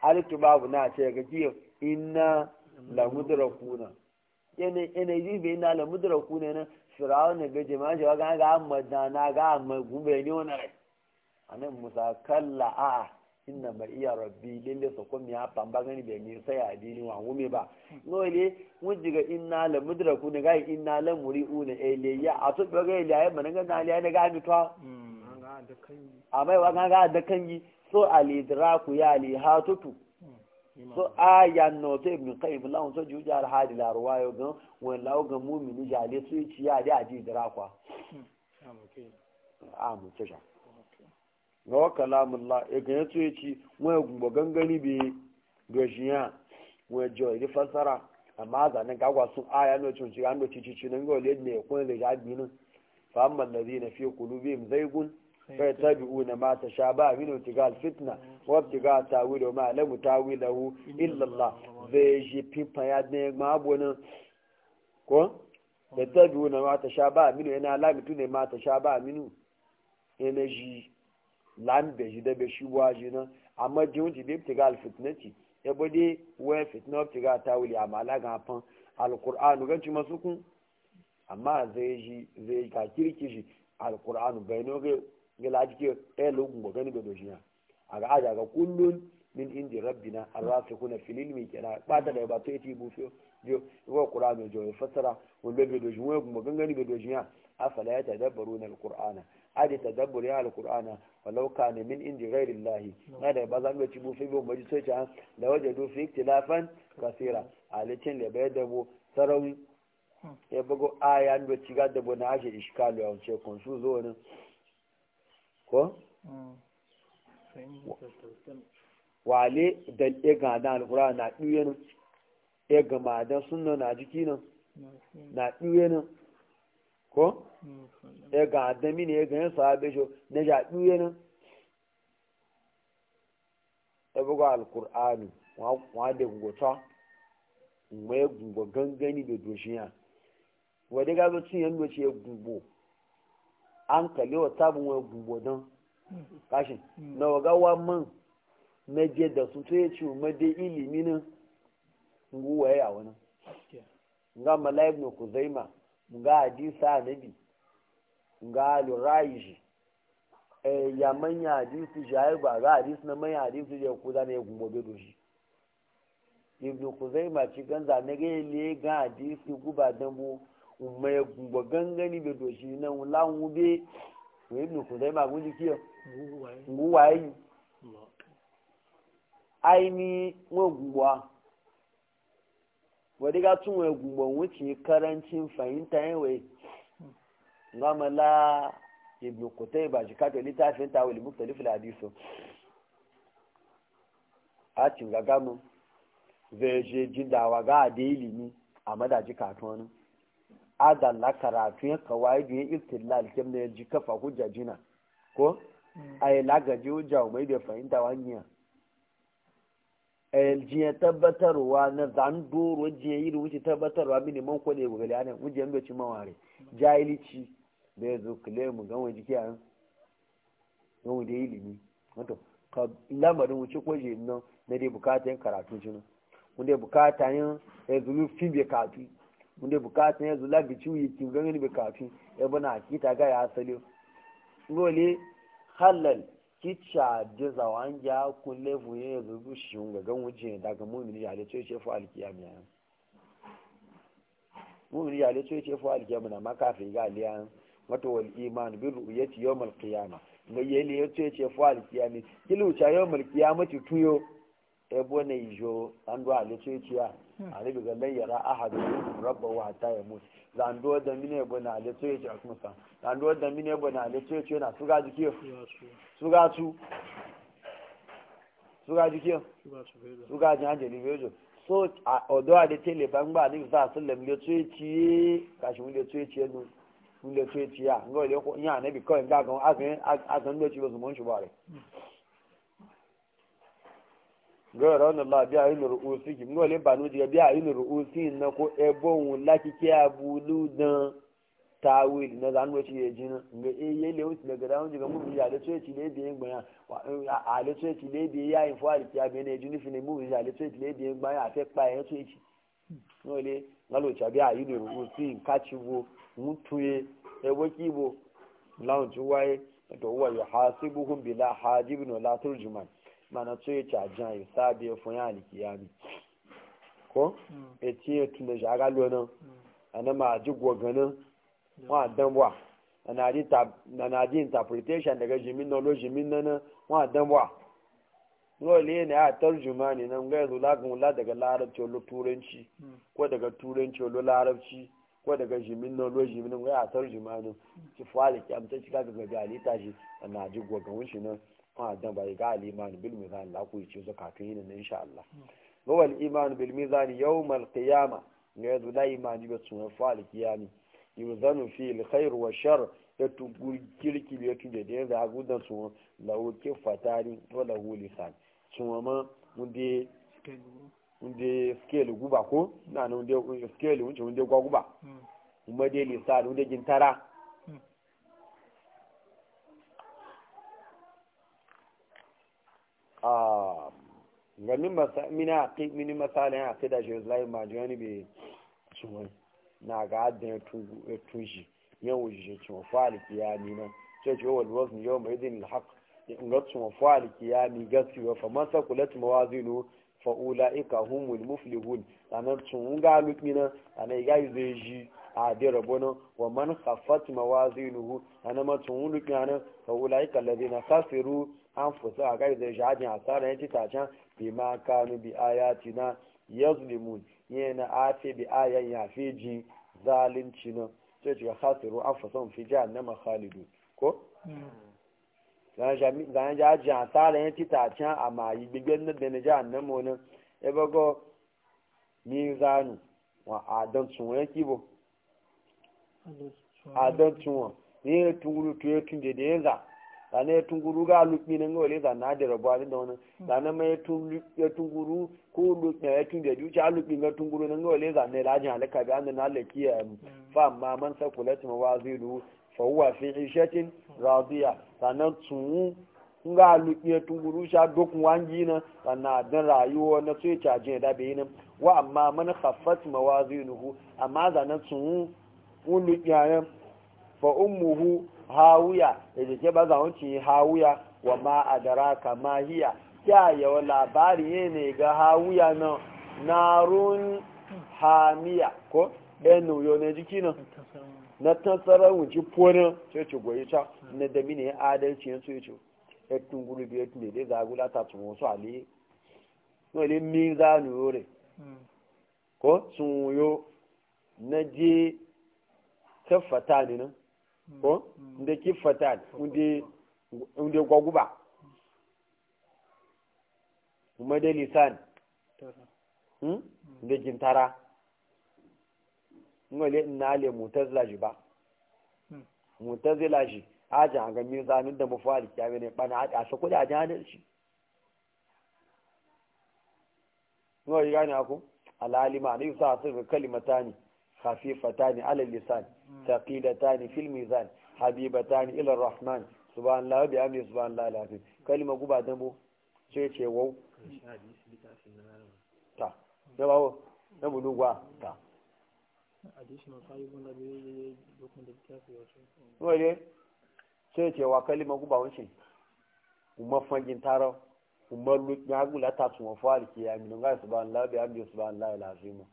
halittu babu na ce ga kiyo inna la kuna yana yana yi bai na la kuna na firawo ne ga jama'a ga ga amma dana ga amma gube ne wani rai anan musa kalla a inna ma iya rabbi lalle kuma ya famba gani bai ne sai adini wa wume ba no ile mun diga inna la ga inna la muriuna ele ya a to ga ile ya manan ga na ne ga hmm. ga to amma wa ga ga da kangi so alidraku ya alihatutu hmm. so aya no to ibn qayyim lahun so juja hadi la ruwayo gan wen lawo gan mumini le so ci ya de aji drakwa a hmm. ah, mu ce sha ah, ah, ga wa kalamullah e gan su ci won gbo gangani bi dojiya wen jo ile fasara amma ga nan gagwa sun aya no cin ci ga no ci ci nan go le ne kun le ja bi nan fa amma na fi qulubihim zaygun فيتبعون ما تشابه منه ابتغاء الفتنة وابتغاء لم تاويله الله بيبا ما كو ما تشابه منه لا ما تشابه منه da bai shigowa shi nan amma da ibtiga alfitnati ya bude waya fitna ibtiga ta wuli amma alaga amma zai ji zai ka alkur'anu bai noge gila ajiye ɗaya logun gani gado shiya a ga aja ga kullun min indi rabbina arrasu kuna filil mi kira ba ta da ba to yati bu fiyo yo wa qur'anu jo fasara wa be gado shiya wa kuma gani gado shiya afala ya tadabbaruna alqur'ana adi tadabbur ya alqur'ana walau kana min indi ghairi llahi na da ba za ga ci bu fiyo ba ji sai ta da wajadu fi ikhtilafan kasira alicin da bai da bu sarawi hmm. ya bugo aya ndo ciga da bu na ashe iskalu ya wuce kun su zo ne ko mm. wale da ega da alkura na ɗuye nan ega ma da sunna na jiki nan na ɗuye nan ko ega mm, da mini ega yin sahabe shi na ja ɗuye nan ta buga alkur'ani wa da gota mgbe ya gungo gangani da doshiya wadda gazo cin yan doce ya gungo an kalli wa sabon wani gungodon don hmm. kashin hmm. na wagawa man na je da su ya ce ma dai ilimi nan nguwa ya wani nga malayib ne ku zaima nga hadisa nabi nga aluraiji e, ya manya hadisu jayar ba ga hadisu na manya hadisu ya ku zane ya gumbo doshi ibn kuzaima ci ganza na ga ne ga hadisi guba dambo mai gungwa gangani da doshi nan wulawun wube wai ibn kiyo yi ga tun wai wuce karancin fahimta yin wai ngamala ibn kudai ba shi littafin muktalif a cin zai je jindawa ga da a madaji adalla karatu ya kawai da ya istilal da ya ji kafa hujja jina ko mm. a yi lagaji hujja mai da fahimta wanya a yi tabbatarwa na zan doro jiya yi da wuce tabbatarwa mini man kwade ya gugali anan wuce yan doci maware jahilici da ya zo kule mu gan waje kiyan gan waje ilimi wato ka lamarin wuce kwaje nan na dai bukata yin karatu jina wanda bukata yin ya zuru fi bai wanda bukatun yanzu zula bi ciwi ki ganin bi kafi ya bana kita ga ya asali dole halal kicha de zawan ja kulle vuye ya zubu shi ga gan wuce daga mu'mini ya leto ce fa alkiyami ya mu'mini ya leto ce fa alkiyami na makafi ga aliyan wato wal iman bi ru'yati yawm al qiyamah ga yele ya ce ce fa alkiyami kilu cha yawm al qiyamati tuyo e bona ijo an do leto ce ya Hmm. annabi ga yara ahadu rabba wa hatta ya mutu zando da mine bo na le tsoye ci akmusa zando da mine bo na le tsoye ci na suga jike suga su suga jike suga jan bejo so odo ade tele bangba ni sa le e e e ya ngo le ko ko gan le bo gọ́rọ̀ ọ̀nà ko bí àrínú rúúsí kì mú ọ̀lẹ́ bànújẹ́ bí àrínú rúúsí iná kó ẹbọ òun lákìkí abúlú dán táwé ìdìnnà lánàá ó ti yẹ jiná nga eye ilé ó ti lè gẹ̀dá oúnjẹ kan mú mi àlétò ètì lébi àlétò ètì yá ìfọ́ àlìkí abẹ́ni ẹjú nífi ni mú mi àlétò ètì lébi àfẹ́ pa ẹ̀ tó ètì ha ha mana tso ya caja ya sabi mm. e ya mm. a ya alikiyami ko ya ce ya tuna shaga lonan a na maji gwaganin wa danwa na na di interpretation daga jimin nolo jimin nana wa danwa dole ne a tarjuma ne nan ga yanzu lagun la daga larabci lo turanci mm. ko daga turanci lo larabci ko daga jimin nolo jimin nan ya a tarjuma ne ki fali ki amta ki ga ga ga ta shi na ji gwaganin shi nan kuma dan bai ga al’iman iman bil mizan la ku ci zaka tun yin insha Allah wa iman bil mizan yawm al-qiyamah ne da iman bi sun fa alkiyami qiyami yuzanu fi al-khair wa shar yatu kirki ya tuje da da gudan su lahu fatari ko lahu lisan sun ma wunde munde guba ko na wunde munde scale munde gwa guba kuma hmm. dai lisan wunde gintara a ga mini misalin a kai da shi zai maji wani bai ciwon na ga adin tushi yau wuce shi ciwon faliki ya nan ce ce wani wasu ne yau mai zin haka in ga ciwon faliki ya ni gaskiya fa masa kulat mawazinu fa'ula ika humul muflihun sanan ciwon ga lukmina sanan ga yi zai ji a dai rabonin wa man zai nuhu sanan ma ciwon lukmina fa ulaika allazina kafiru an fusa a kai da shahadin asara ya ci tacen bi ma kanu bi ayati na yazlimun na afe bi ayan ya fi ji zalunci na sai ci hasiru an fusa fi jahannama halidu ko zan jajin asara ya ci tacen a mayi gbigbe na da na jahannama wani ni e zanu wa adon tun ya kibo adon tun wa ni ya tun wuri tun ya tun da ya za zane hmm. ya tunguru ga lukmi nan ga wale zane na jira buwa da wani zane mai ya tunguru ko lukmi ya tun da juci a lukmi ga tunguru nan ga wale zane lajin halaka hmm. bi an da na halaki ya fa ma man sa kula ci mawa zai lu fa huwa fi ishatin hmm. radiya zane tunu in ga lukmi ya tunguru sha dokun wangi na zane adin rayuwa na so ya e cajin da bai nan wa amma man khaffat mawazinuhu amma zane tunu un lukmi ya fa ummuhu hawuya da ke ba za wuce hawuya wa ma adaraka ma hiya ya yawa labari ne ga hawuya na narun hamiya ko ɗanu yau na jiki nan na tasarar wuce fonin sai ce goyi ta na da mini adalci yanzu ya ce ẹtun gúrú bí ẹtun lè dé zagu látàtù wọn sọ àlẹ wọn lè mí zánu yóò rẹ kó tún yóò na jẹ kẹfàtà nínú Mm. ko unde unde ko guba. kuma de lisan nde gintara nwale ina le mutazila ji ba mm. mutazila shi ajin a gami zanen da mafi alikiya ne bana a ta kudi da jihar shi nwale gani ako alalima na yi sa sun kalimata ne خفيفتان على اللسان ثقيلتان في الميزان حبيبتان إلى الرحمن سبحان الله بأمر سبحان الله العظيم كلمة قبع دمو شيء شيء وو تا يبقى نمو نقوى تا Wale, sai cewa kalima guba wancin, umar fangin taron, umar ya gula ta tuwa fa'ar kiyami, don ga su ba Allah, bai ambiya su ba Allah ya lafi mu.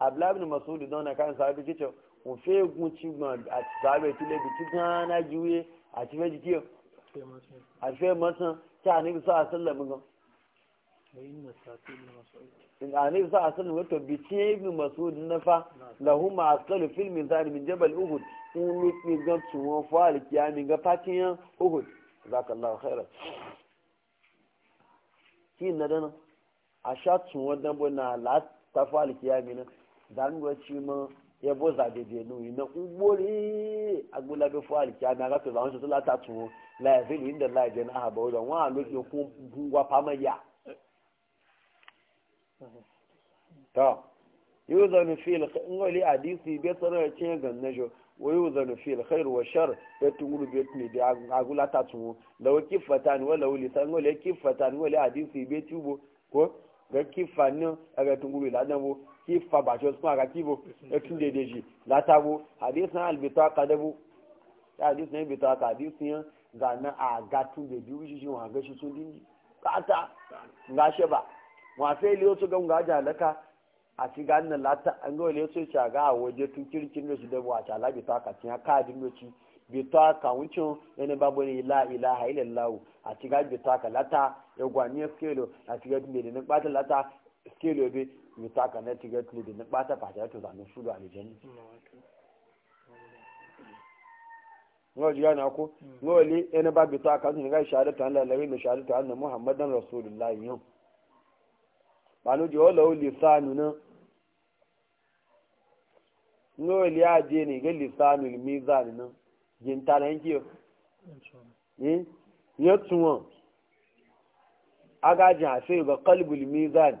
abdullahi bin masud don na kan sabi kicho o fe gun ci gun at sahabi ti le bi ti gan na juye àti fe dikiyo àti fe matan ti anabi sa sallam gan in anabi sa sallam to bi ti ibn masud na fa lahuma aqal fil mizan min jabal uhud in lutni gan tu won fa alkiyami ga fatiyan uhud zakallahu khairan kin na dana a sha tun wadan bu na la ta fa alkiyami na zanuwa ci ma ya bo zabe de nu ina ugbori agbula be fuari ki ana ga to ba la na ha bo wa lo ku gwa pa ma ya to yuzanu fil ngoli hadisi be tsara ce gan fil khair wa shar be be de agula ta tu law kifatan wa law lisan ngoli kifatan ngoli hadisi be tubo ko ga kifanin aga tunguru ki fa ba shi kuma ga kibo da tun da shi la ta bu hadisin albita kadabu hadisin albita ka hadisin ga na a ga tun da biyu shi shi wa ga shi sun ka ta ga shi ba wa sai liyo su ga ga jalaka a ci ga nan lata an ga liyo su ci ga waje tun kirkin da shi da wa ta labita ka tin ka din da shi bita ka wucin yana ne ne ni la ilaha illallah a ci ga bita ka lata ya gwani skelo a ci ga din da ne ba ta lata skelo be mi ta ka neti ga tuli din ba ta fata to zanu su da aljanni ngo ji yana ko mm. ngo li ene ba bi ta ka ni ga shahadatu an la ilaha illa shahadatu anna muhammadan rasulullahi yau ba no ji wala uli sanu na ngo li aje ni ga lisanul mizan na jin ta nan ki eh yatsuwa agajin hafe ga kalbul mizan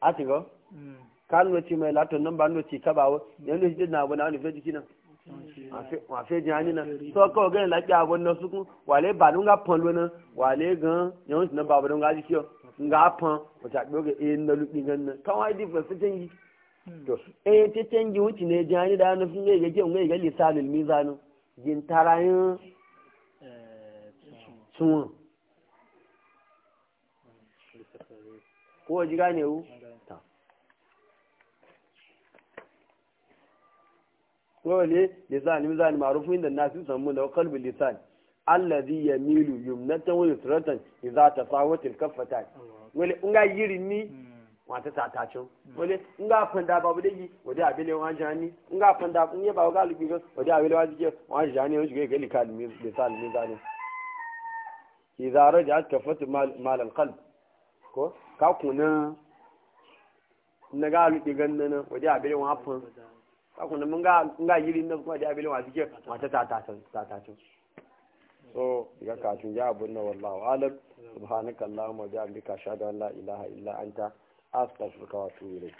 Ati go mm. kan lo ti mai lato nan ba no ci ka ba wo yan lo ti na bo na ni fe dikina mm. wa fe jin ni na mm. so ko ga la ja bo no sukun wa le ba nu ga pon lo na wa le gan yan na ba bo ga ji o nga pon o ta gbe e no lu ni gan na ka wa di fe fitin yi to e te tenji wuci ne jin ani da no fun ga ge je li lisanul mizanu jin tarayin eh, suwon ko ji gane wu wale lisan min zani ma'rufu inda nasu sammu da qalbi lisan allazi yamilu yumnatan wa yusratan idza tasawata al-kaffatan wale in ga yiri ni hmm. wata ta ta cin hmm. wale in ga fanda babu dai wade abele wa jani in ga fanda in ya bawo galibi ga wade abele wa jike wa jani wa jike ga likalmi lisan min zani idza raja'at kaffatu mal al-qalb ko ka kuna na ga lubi ganna na wade abele wa fan kakuna mun ga yiri na kuma da abilin wasu ke mata tatatun so ga kacin ya abun na wallahu alam subhanaka allahumma bihamdika ashhadu an la ilaha illa anta astaghfiruka wa atubu ilayk